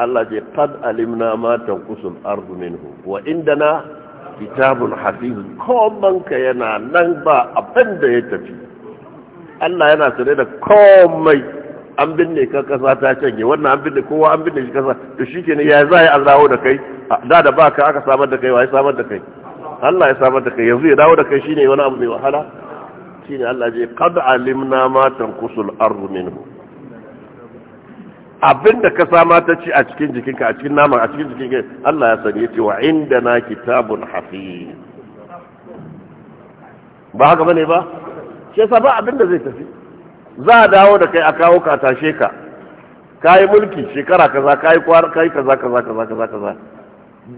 Allah ce qad alimna ma kusur arzumin hu wa inda na kitabun hafizu koman ka yana nan ba abin da ya tafi Allah yana sare da komai an binne ka kasa ta canje wannan an binne kowa an binne shi kasa to ne ya za a dawo da kai da da baka aka samar da kai wai samar da kai Allah ya samar da kai yanzu ya dawo da kai shine wani abu mai wahala shine Allah ya qad alimna ma tanqusul ardu minhu abinda ka sama ta ci a cikin jikinka a cikin naman a cikin jikinka Allah ya sani yace wa indana kitabun hafiz ba haka bane ba shi yasa ba abinda zai tafi za a dawo da kai a kawo ka tashe ka ka yi mulki shekara kaza ka yi kwar ka yi kaza kaza kaza kaza kaza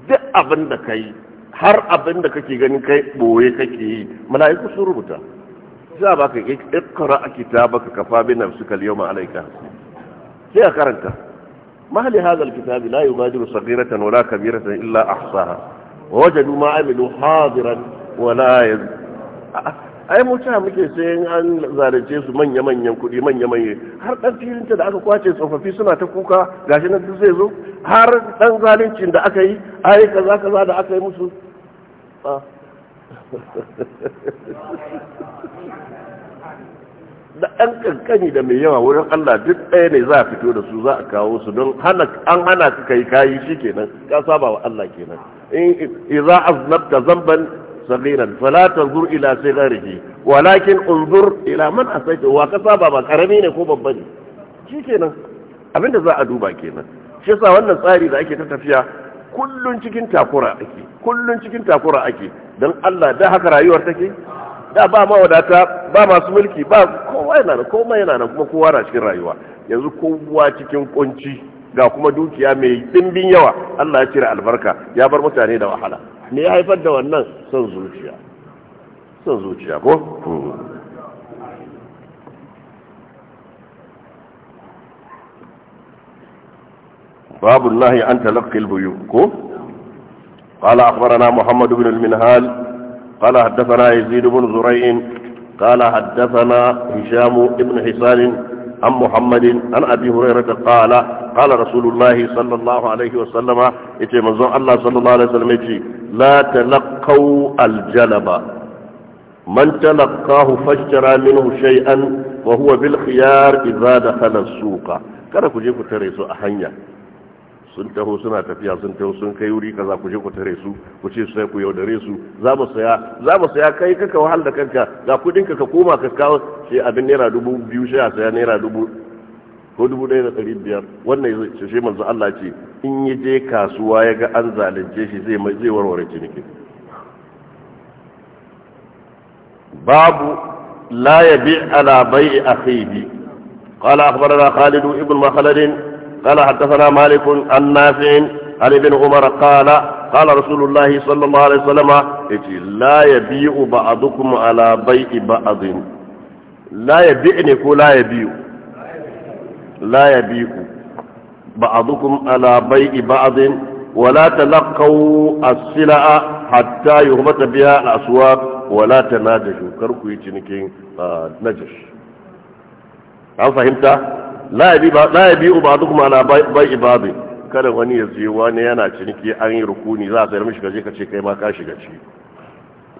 duk abin da ka yi har abin da kake gani kai boye kake yi mana yi sun rubuta za ba ka ikkara kitabaka kafa bi nafsika al ma alaika? sai a karanta mahali hazal kitabi, al-kitab la yubadiru saghiratan wala kabiratan illa ahsaha wa wajadu ma amilu hadiran wala yaz ai mu muke sayan an zalunce su manya-manyan kuɗi manya-manya har ɗan filinta da aka kwace tsofaffi suna ta kuka gashi nan duk zai zo har ɗan zaluncin da aka yi ai kaza kaza da aka yi musu ah. *laughs* da ɗan kankani da mai yawa wurin Allah duk ɗaya ne za a fito da su za a kawo su don an hana ka kai kayi shi kenan ka saba wa Allah kenan in za aznabta zamban صغيرا فلا تنظر الى صغره ولكن انظر الى من أسيته بابا ما ne ko babban shi kenan abinda za a duba kenan shi yasa wannan tsari da ake ta tafiya kullun cikin takura ake kullun cikin takura ake don Allah da haka rayuwar take da ba ma wadata ba masu mulki ba kowa yana da kowa yana da kuma kowa na cikin rayuwa yanzu kowa cikin kunci ga kuma dukiya mai dimbin yawa Allah ya cire albarka ya bar mutane da wahala me ya haifar da wannan son zuciya son zuciya ko باب الله عن تلقي البيوع قال أخبرنا محمد بن المنهال قال حدثنا يزيد بن زريع قال حدثنا هشام بن حسان عن محمد عن أبي هريرة قال قال رسول الله صلى الله عليه وسلم إتي منظر الله صلى الله عليه وسلم لا تلقوا الجلب من تلقاه فاشترى منه شيئا وهو بالخيار إذا دخل السوق kada ku je ku tare su a hanya sun taho suna tafiya sun taho sun kai wuri kaza ku je ku tare su ku ce sai ku yaudare su za mu saya za mu saya kai kaka wahal da kanka ga kudin ka koma ka kawo sai abin naira dubu biyu sai a saya naira dubu ko dubu ɗaya da ɗari biyar wannan ya shi manzo Allah ce in ya je kasuwa ya ga an zalunce shi zai zai warware ciniki babu la yabi ala bai'i akhihi qala akhbarana Khalid ibn Makhlad qala hadathana Malik an Nafi' an ibn Umar qala qala Rasulullah sallallahu alaihi wasallam yace la yabi'u ba'dukum ala bai'i ba'din la yabi' ne ko la yabi'u لا يبيع بعضكم على بيع بعض ولا تلقوا السلع حتى يهبط بها الأسواق ولا تناجشوا كركو يتنكين نجش هل فهمت؟ لا يبيع بعضكم على بيع بعض kada wani ya siyo wani yana ciniki an yi rukuni za a sayar mishi gaje ka ce kai ma ka shiga ciki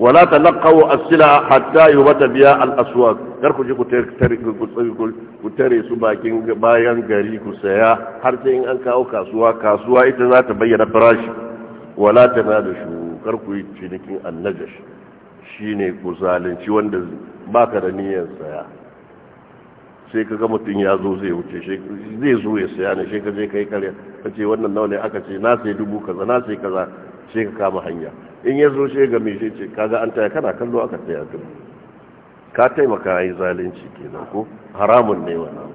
ولا تلقوا a حتى يبت بها الأسواق karku ji ku tare su bakin bayan gari ku saya har sai in an kawo kasuwa kasuwa ita za ta bayyana farashi wala na da shu karku yi cinikin annajash shi ne ku zalunci wanda baka da niyyar saya sai kaga mutum ya zo zai wuce zai zo ya saya ne sai ka je kai kare ka ce wannan nawa ne aka ce na sai dubu kaza na sai kaza sai ka kama hanya in ya zo shi ga mai shi ce kaga an taya kana kallo aka taya ka ka taimaka yi zalunci kenan ko haramun ne wannan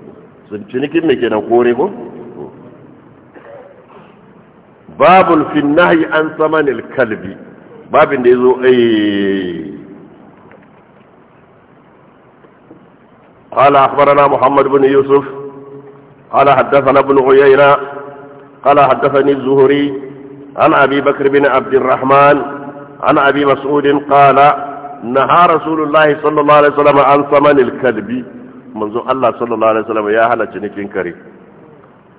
sun cinikin ne kenan kore ko babul fi nahyi an samanil kalbi babin da yazo ai قال أخبرنا محمد بن يوسف قال حدثنا ابن عيينة قال حدثني الزهري عن أبي بكر بن عبد الرحمن عن أبي مسعود قال نهى رسول الله صلى الله عليه وسلم عن ثمن الكلب منذ الله صلى الله عليه وسلم يا هلا تنكين كري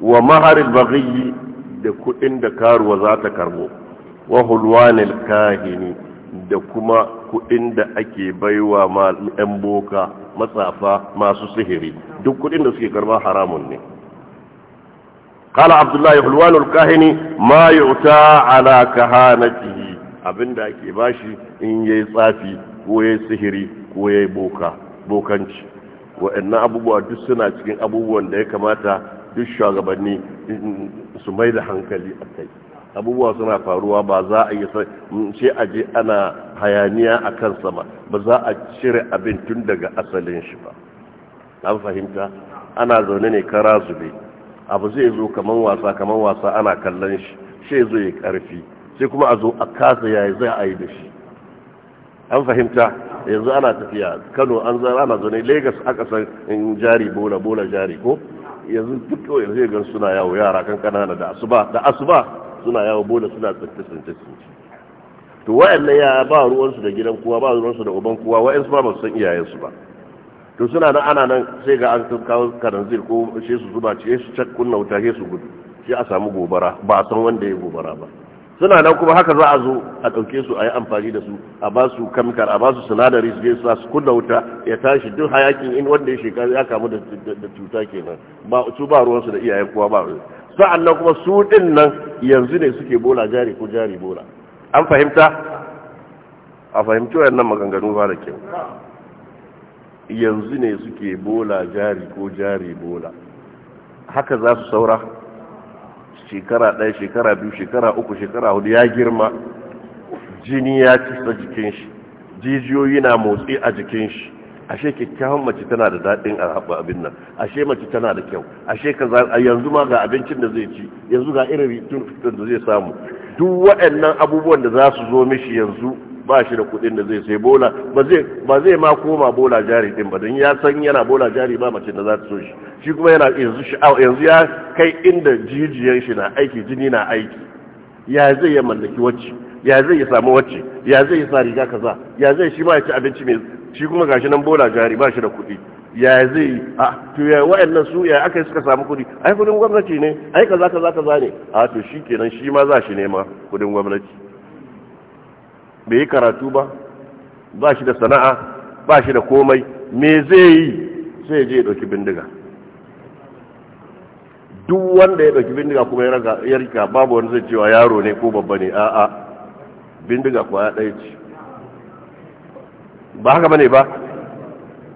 ومهر البغي da kuɗin da karuwa za ta karbo wa hulwanil kahini da kuma kuɗin da ake baiwa 'yan boka matsafa masu sihiri duk kuɗin da suke karba haramun ne قال عبد الله حلوان الكاهني ما يؤتى على كهانته abinda ake bashi in yayi tsafi ko yayi sihiri ko yayi boka bokanci wa'annan abubuwa duk suna cikin abubuwan da ya kamata duk shugabanni su mai da hankali akai abubuwa suna faruwa ba za a yi ce a je ana hayaniya a kan sama ba za a cire abin tun daga asalin shi ba an fahimta ana zaune ne kara zube abu zai zo kaman wasa kaman wasa ana kallon shi shi zai yi karfi sai kuma a zo a kasa yayi zai a yi da shi an fahimta yanzu ana tafiya kano an zara ana zaune lagos aka san in jari bola bola jari ko yanzu duk kawai zai gan suna yawo yara kan kanana da asuba da asuba suna yawo bola suna tsince tsince tsince to wayannan ya ba ruwansu da gidan kowa ba ruwansu da uban kowa wa'ansu ba ba san iyayensu ba to suna nan ana nan sai ga an kawo karanzir ko shi su zuba ce su cakkunna wuta ke su gudu shi a samu gobara ba san wanda ya gobara ba suna nan kuma haka za a zo a ɗauke su a yi amfani da su a ba su kamkar a ba su sinadari su je su su kunna wuta ya tashi duk hayakin in wanda ya shekaru ya kamu da cuta kenan ba su ba ruwansu da iyayen kowa ba sa'an nan kuma su ɗin nan yanzu ne suke bola jari ko jari bola an fahimta a fahimci wayannan maganganu ba da kyau yanzu ne suke bola jari ko jari bola haka za su saura shekara ɗaya shekara biyu shekara uku shekara hudu ya girma jini ya cisa jikin shi jijiyoyi na motsi a jikin shi ashe kyakkyawan mace tana da daɗin a abin nan ashe mace tana da kyau ashe ka yanzu ma ga abincin da zai ci yanzu ga irin tun da zai samu duk waɗannan abubuwan da za su zo mishi yanzu ba shi da kuɗin da zai sai bola ba zai ma koma bola jari din ba don ya san yana bola jari ba mace da za ta so shi shi kuma yana yanzu yanzu ya kai inda jijiyan shi na aiki jini na aiki ya zai ya mallaki wacce ya zai ya samu wacce ya zai ya sa riga kaza ya zai shi ma ya ci abinci mai shi kuma gashi nan bola jari ba shi da kuɗi ya zai a to ya wa'annan su ya aka suka samu kudi ai kudin gwamnati ne ai kaza kaza kaza ne a to shikenan shi ma za shi nema kudin gwamnati bai yi karatu ba ba shi da sana'a ba shi da komai me zai yi sai je ya ɗauki bindiga duk wanda ya ɗauki bindiga kuma ya rika babu wani zai cewa yaro ne ko babba ne a'a bindiga kuwa ya ɗaya ce ba haka bane ba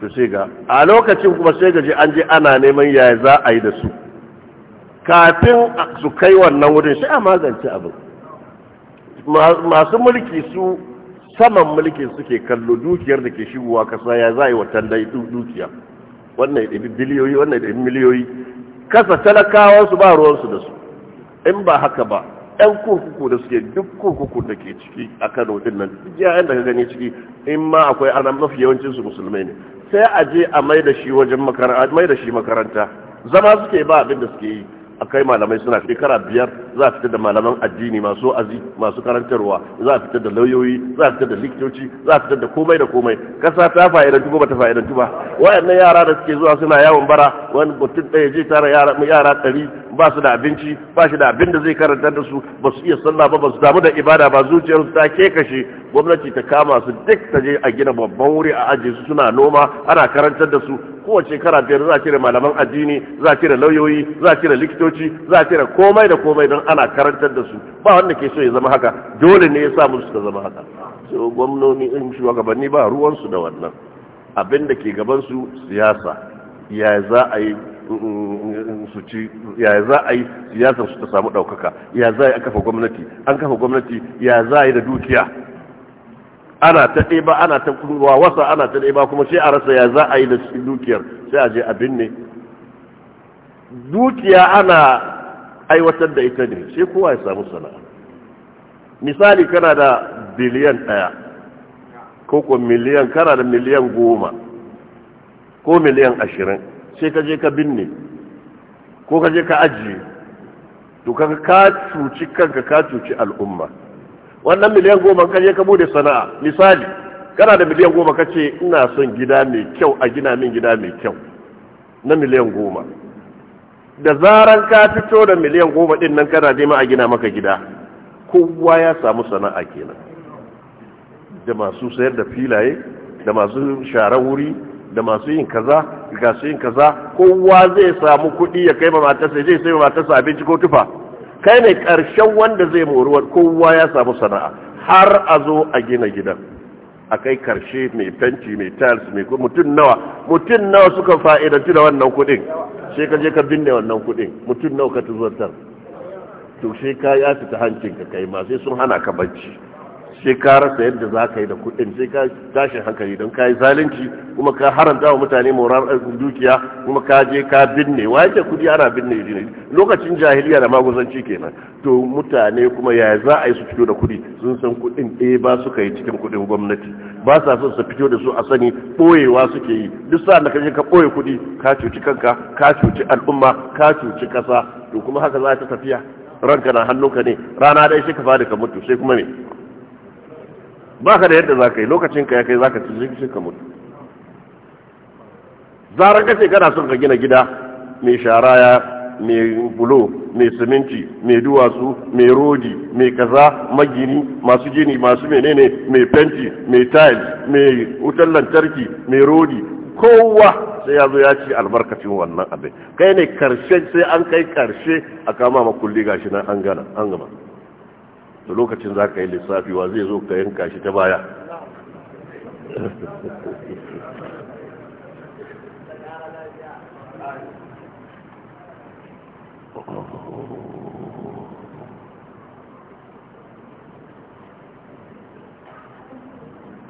to sai ga a lokacin kuma sai gaji an je ana neman yaya za a yi da su kafin su kai wannan wurin sai a magance abin masu mulki su saman mulkin suke kallo dukiyar da ke shigowa kasa ya za yi watan dukiya wannan ya biliyoyi wannan ya miliyoyi kasa talakawansu ba ruwansu da su in ba haka ba 'yan kurkuku da suke duk kurkuku da ke ciki a kano din nan duk yayan da ka gani ciki in ma akwai ana mafi yawancinsu musulmai ne sai a je a mai da shi wajen mai da shi makaranta zama suke ba abin da suke yi akai malamai suna shekara biyar za a fitar da malaman addini masu azi masu karantarwa za a fitar da lauyoyi za a fitar da likitoci za a fitar da komai da komai kasa ta fa'idantu ba ta fa'idantu ba wayannan yara da suke zuwa suna yawon bara wani mutum ɗaya je tara yara yara ɗari ba su da abinci ba shi da abin da zai karanta da su ba su iya sallah ba ba su damu da ibada ba zuciyarsu ta kashe gwamnati ta kama su duk ta je a gina babban wuri a ajiye su suna noma ana karantar da su kowace shekara biyar za a cire malaman addini za a cire lauyoyi za a cire likitoci za a cire komai da komai don ana karantar da su ba wanda ke so ya zama haka dole ne ya sa musu ta zama haka so gwamnoni in shugabanni ba ruwansu da wannan abin da ke gaban su siyasa ya za a yi mm, mm, mm, su ya za a yi siyasar su ta samu ɗaukaka ya za a kafa gwamnati an kafa gwamnati ya za a yi da dukiya ana ta ɗeba ana ta ruwa wasa ana ta ɗeba kuma sai a rasa ya za a yi da dukiyar sai a je a binne dukiya ana aiwatar da ita ne sai kowa ya samu sana'a misali kana da biliyan ɗaya ko ko miliyan kana da miliyan goma ko miliyan ashirin sai ka je ka binne ko ka je ka ajiye to ka cuci kanka ka cuci al'umma wannan miliyan goma ka je ka bude sana'a misali kana da miliyan goma ka ce ina son gida mai kyau a gina min gida mai kyau na miliyan goma da zaran ka fito da miliyan goma din nan kana nema a gina maka gida kowa ya samu sana'a kenan da masu sayar da filaye da masu share wuri da masu yin kaza ga su yin kaza kowa zai samu kuɗi ya kai ma matarsa zai sai ma matarsa abinci ko tufa kai ne ƙarshen wanda zai moruwa kowa ya samu sana'a har a zo a gina gidan a kai ƙarshe mai fenti mai tiles mai mutum nawa mutum nawa suka fa'idanci da wannan kuɗin sai ka je ka binne wannan kuɗin mutum nawa ka tuzartar to sai ka ya fita hancinka kai ma sai sun hana ka bacci sai ka rasa yadda za ka yi da kuɗin sai ka tashi hankali don ka yi zalunci kuma ka haranta wa mutane arzikin dukiya kuma ka je ka binne wa yake kuɗi ana binne ne lokacin jahiliya da maguzanci kenan to mutane kuma ya za a yi su fito da kuɗi sun san kuɗin ɗaya eh, ba su ka yi cikin kuɗin gwamnati ba sa son su fito da su a sani ɓoyewa suke yi duk sa'an da ka je ka ɓoye kuɗi ka cuci kanka ka cuci al'umma ka cuci ƙasa to kuma haka za ta tafiya ranka na hannunka ne rana ɗaya shi ka fada ka mutu sai kuma me ba ka da yadda za ka yi lokacin ka ya kai za ka ci shi ka mutu zarar ka ce kana son ka gina gida mai sharaya mai bulo mai siminti mai duwatsu mai rodi mai kaza magini masu gini masu menene mai fenti mai tile mai wutar lantarki mai rodi kowa sai ya zo ya ci albarkacin wannan abin kai ne karshe sai an kai karshe a kama makulli gashi nan an gana an gama da lokacin za ka yi lissafi wa zai zo ka yanka shi ta baya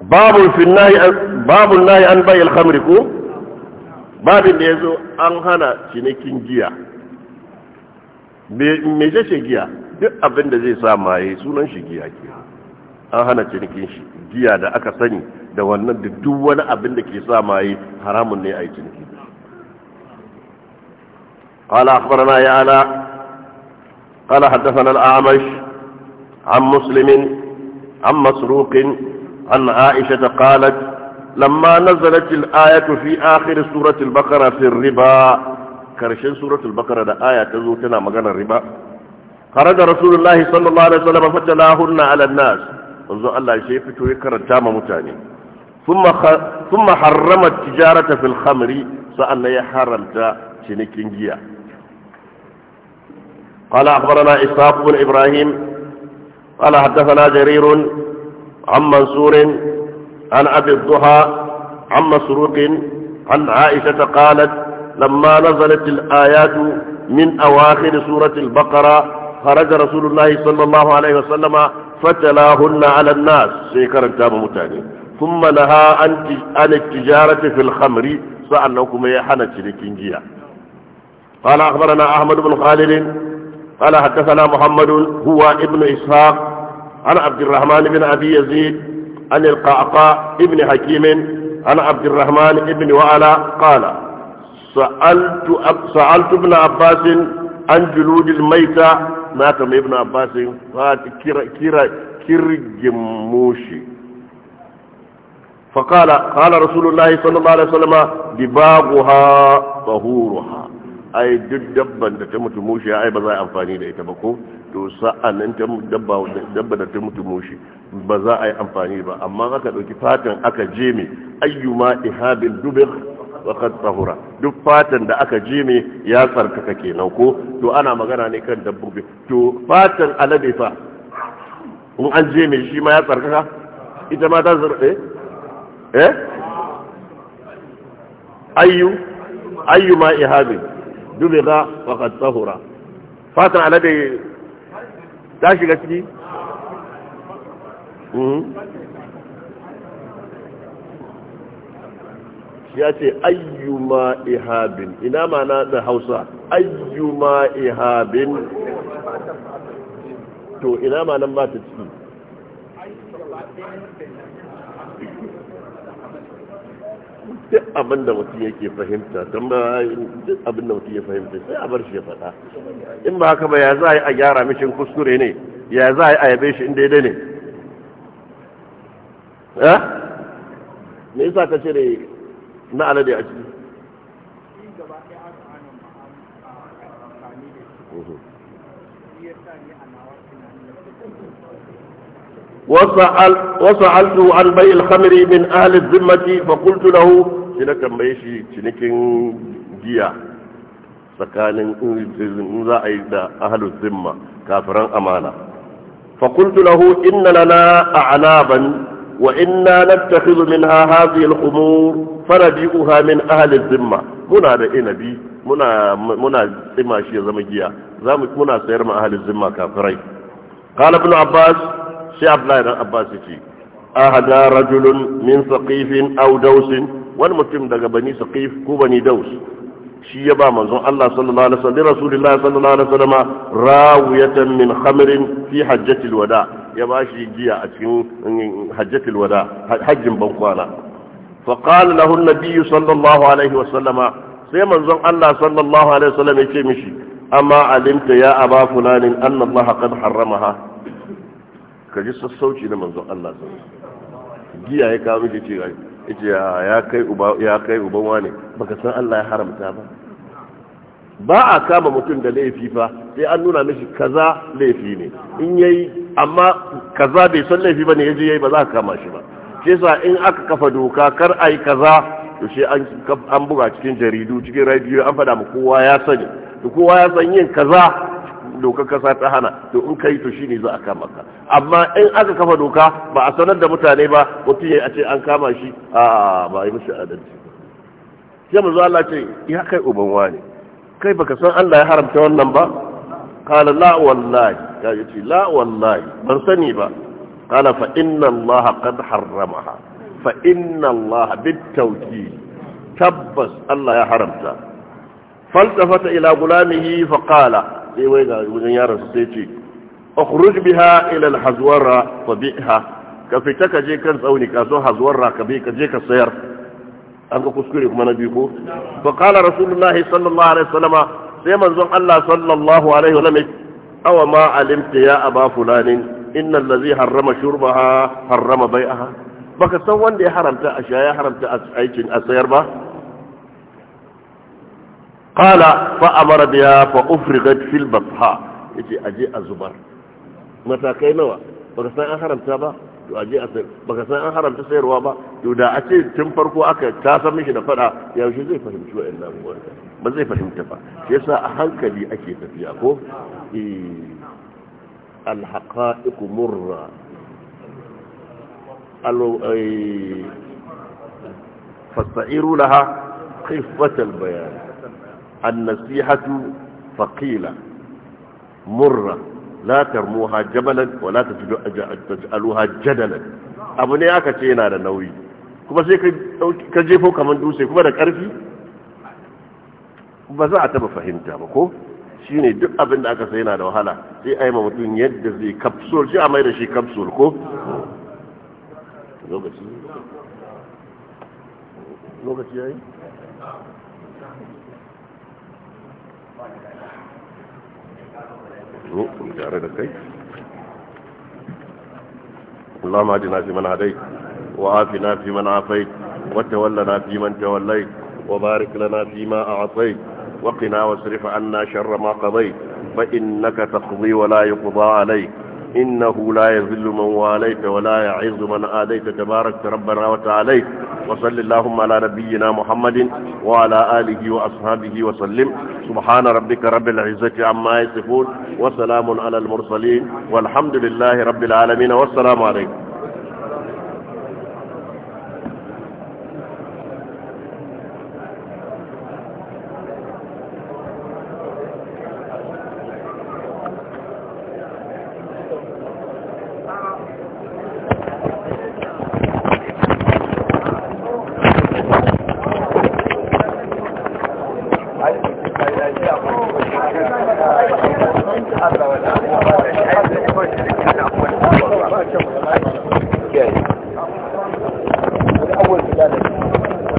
babu fi nahi an bayyar hamri ko babin da ya zo an hana cinikin giya me ce giya duk abin da zai sa maye sunan shi giya ke an hana cinikin shi giya da aka sani da wannan duk duk wani abin da ke sa maye haramun ne a yi ciniki ƙala akwarana ya ala ƙala haddasan al'amash an musulmin an masurukin an aisha ta ƙalat lamma nazaratil ayatu fi akhir suratul baqara fi riba karshen suratul baqara da aya ta zo tana maganar riba خرج رسول الله صلى الله عليه وسلم فتلاهن على الناس انظر الله شيء فتو يكرر متاني ثم خ... ثم حرم التجارة في الخمر سألنا يا حرمت شنكينجيا قال أخبرنا إسحاق بن إبراهيم قال حدثنا جرير عن منصور عن أبي الضحى عن مسروق عن عائشة قالت لما نزلت الآيات من أواخر سورة البقرة خرج رسول الله صلى الله عليه وسلم فتلاهن على الناس سيكر تاب متاني ثم نهى عن التجارة في الخمر سألناكم يا حنة لكنجية قال أخبرنا أحمد بن خالد قال حدثنا محمد هو ابن إسحاق عن عبد الرحمن بن أبي يزيد عن القعقاع ابن حكيم عن عبد الرحمن ابن وعلا قال سألت, سألت ابن عباس عن جلود الميتة na mai ibn abbas fa kira kira kirgin mushi فقال kala رسول الله صلى الله عليه وسلم دباغها طهورها ai duk dabban da ta mutu mushi ai ba za a amfani da ita ba ko to sa'annan nan ta dabba dabba da ta mutu mushi ba za a yi amfani ba amma aka dauki fatan aka je me ayyuma ihabil dubir qad tahura duk fatan da aka me ya tsarkaka kenan ko to ana magana ne kan dabbobi to fatan alade fa in an jime shi ma ya tsarkaka ita ma ta zarbe eh ayyu ayyu ma ihabi dubiga wa qad tahura fatan alade ta shiga ciki ya ce ayyuma ihabin ina mana da hausa ayyuma ihabin to ina ma nan ba ta ciki duk abin da mutum yake fahimta don ba duk abin da mutum ya fahimta sai a bar shi ya faɗa in ba haka ba ya za a yi a gyara mishin kuskure ne ya za a yi a yabe shi inda daidai ne ya? Eh? me yasa ka cire na alade a ciki wasu altu an bai alhamiri min ahalin zimmati fakultu na hu shi na tambaye shi cinikin giya tsakanin in za a yi da ahalin zimma kafiran amana fakultu na hu inna na a anaban wa inna na tafi zumin ha hazi alhumuru farabi'uha min ahli zimma muna da inabi muna muna tsima shi ya zama giya muna sayar ma ahli zimma kafirai qala ibn abbas shi abdullahi dan abbas yace ahada rajulun min saqifin aw dausin wani mutum daga bani saqif ko bani daus shi ya ba manzon Allah sallallahu alaihi wasallam rasulullahi sallallahu alaihi wasallam rawiyatan min khamrin fi hajjatil wada ya ba shi giya a cikin hajjatil wada hajjin bankwana فقال له النبي صلى الله عليه وسلم سيما زن الله صلى الله عليه وسلم يتمشي أما علمت يا أبا فلان أن الله قد حرمها كجس الصوتي لمن زن الله صلى الله عليه وسلم giya ya kawo miki ce yace ya kai uba ya kai uban wani baka san Allah ya haramta ba ba a kama mutum da laifi fa sai an nuna mishi kaza laifi ne in yayi amma kaza bai san laifi bane ya yayi ba za kama shi ba shi sa in aka kafa doka kar a yi kaza to shi an buga cikin jaridu cikin radiyo an faɗa ma kowa ya sani to kowa ya san yin kaza dokar kasa ta hana to in kai to shine za a kama ka amma in aka kafa doka ba a sanar da mutane ba mutum ya ce an kama shi a ba a yi mishi adalci sai mu Allah ce ya kai uban wani kai baka san Allah ya haramta wannan ba kala la wallahi ya ce la wallahi ban sani ba قال فإن الله قد حرمها فإن الله بالتوكيد تبس الله يا حرمتا فالتفت إلى غلامه فقال اخرج بها إلى الحزورة فبئها كفتك جيكا سوني كاسو حزورة كبيك جيكا سير أنك كسكري كما نبيكو فقال رسول الله صلى الله عليه وسلم سيما زن الله صلى الله عليه وسلم أو ما علمت يا أبا فلان inna allazi harrama shurbaha harrama bai'aha baka san wanda ya haramta a sha ya haramta aikin a sayar ba qala fa amara biha fa ufrigat fil batha yace aje a zubar matakai nawa baka san an haramta ba to aje a sayar baka san an haramta sayarwa ba to da a ce tun farko aka ta san mishi da fada yaushe zai fahimci wa'annan abubuwan ba zai fahimta ba shi yasa a hankali ake tafiya ko eh alhaƙa'iku murra fasa'iru laha kaifatar bayani annasihatu faƙila murra la tarmuha jabalan wa la aluha jadalan abu ne aka ce yana da nauyi kuma sai ka jefo kamar dutse kuma da ƙarfi ba za a taba fahimta ba ko shine duk abin da aka sai yana da wahala sai a yi mutum yadda zai kapsul shi a mai da shi kapsul ko lokaci lokaci yayi tare da kai Allah ma ji mana wa afi na fi mana afai فيمن هديت وعافنا فيمن عافيت وتولنا فيمن توليت وبارك لنا فيما أعطيت وقنا واصرف عنا شر ما قضيت فإنك تقضي ولا يقضى عليك إنه لا يذل من واليت ولا يعز من آديت تبارك ربنا وتعاليك وصل اللهم على نبينا محمد وعلى آله وأصحابه وسلم سبحان ربك رب العزة عما يصفون وسلام على المرسلين والحمد لله رب العالمين والسلام عليكم